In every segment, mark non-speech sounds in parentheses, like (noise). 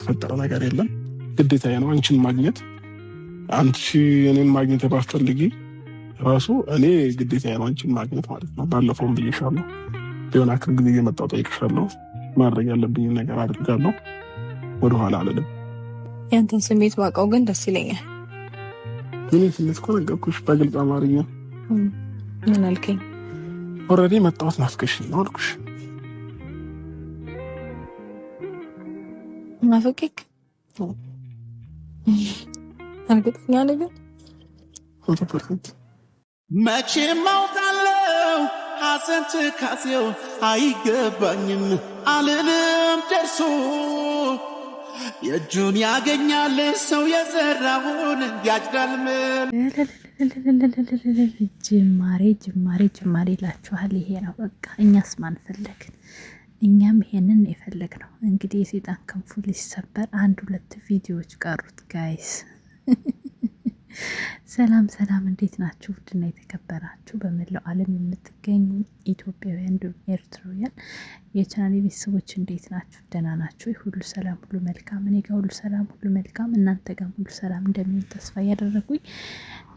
የተፈጠረ ነገር የለም። ግዴታ ነው አንቺን ማግኘት። አንቺ እኔን ማግኘት የባስፈልጊ ራሱ እኔ ግዴታ ነው አንቺን ማግኘት ማለት ነው። ባለፈውም ብዬሻለሁ፣ ቢሆን አክል ጊዜ እየመጣሁ ጠይቅሻለሁ። ማድረግ ያለብኝ ነገር አድርጋለሁ። ወደኋላ አልልም። ያንተን ስሜት ባውቀው ግን ደስ ይለኛል። ምን ስሜት እኮ ነገርኩሽ በግልጽ አማርኛ። ምን አልከኝ? ኦልሬዲ መጣሁት ናፍቀሽኝ ነው አልኩሽ። ናፈቀክ እርግጠኛ ነኝ መቼም አውቃለሁ ሐዘን ትካዜው አይገባኝም አልልም ደርሶ የእጁን ያገኛል ሰው የዘራውን ያጭዳል። ጅማሬ ጅማሬ ጅማሬ ይላችኋል። ይሄ ነው በቃ። እኛስ ማን እኛም ይሄንን የፈለግ ነው። እንግዲህ የሴጣን ክንፉ ሊሰበር አንድ ሁለት ቪዲዮዎች ቀሩት ጋይስ። ሰላም ሰላም፣ እንዴት ናችሁ? ውድና የተከበራችሁ በመላው ዓለም የምትገኙ ኢትዮጵያውያን እንዲሁም ኤርትራውያን የቻናሌ ቤተሰቦች እንዴት ናችሁ? ደህና ናችሁ? ሁሉ ሰላም፣ ሁሉ መልካም። እኔ ጋር ሁሉ ሰላም፣ ሁሉ መልካም። እናንተ ጋር ሁሉ ሰላም እንደሚሆን ተስፋ እያደረጉኝ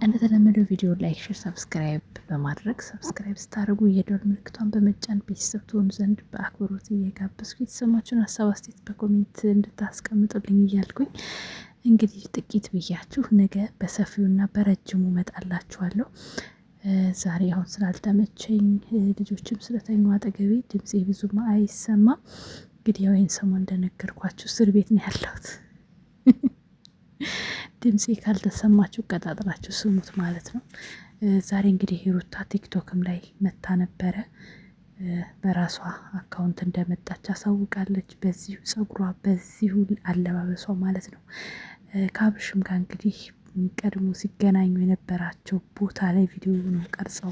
እንደተለመደው ቪዲዮ ላይክ፣ ሼር፣ ሰብስክራይብ በማድረግ ሰብስክራይብ ስታደርጉ የደወል ምልክቷን በመጫን ቤተሰብ ትሆኑ ዘንድ በአክብሮት እየጋበዝኩ የተሰማችሁን ሀሳብ አስተያየት በኮሜንት እንድታስቀምጡልኝ እያልኩኝ እንግዲህ ጥቂት ብያችሁ ነገ በሰፊውና በረጅሙ መጣላችኋለሁ። ዛሬ አሁን ስላልተመቸኝ ልጆችም ስለተኙ አጠገቤ ድምፄ ብዙም አይሰማ። እንግዲህ ወይን ሰሞን እንደነገርኳችሁ እስር ቤት ነው ያለሁት። (laughs) ድምፄ ካልተሰማችሁ ቀጣጥራችሁ ስሙት ማለት ነው። ዛሬ እንግዲህ ሩታ ቲክቶክም ላይ መታ ነበረ። በራሷ አካውንት እንደመጣች አሳውቃለች። በዚሁ ፀጉሯ፣ በዚሁ አለባበሷ ማለት ነው። ከአብርሽም ጋር እንግዲህ ቀድሞ ሲገናኙ የነበራቸው ቦታ ላይ ቪዲዮ ነው ቀርጸው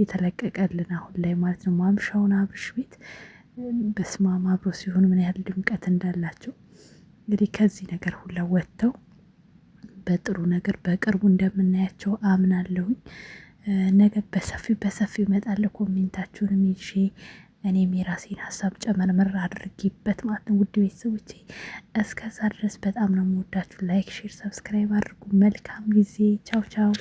የተለቀቀልን አሁን ላይ ማለት ነው። ማምሻውን አብርሽ ቤት በስማም አብሮ ሲሆን ምን ያህል ድምቀት እንዳላቸው እንግዲህ ከዚህ ነገር ሁላ ወጥተው በጥሩ ነገር በቅርቡ እንደምናያቸው አምናለሁኝ። ነገ በሰፊው በሰፊው እመጣለሁ። ኮሜንታችሁንም ይዤ እኔም የራሴን ሀሳብ ጨመርምር አድርጌበት ማለት ነው። ውድ ቤተሰቦቼ እስከዛ ድረስ በጣም ነው የምወዳችሁ። ላይክ፣ ሼር፣ ሰብስክራይብ አድርጉ። መልካም ጊዜ። ቻው ቻው።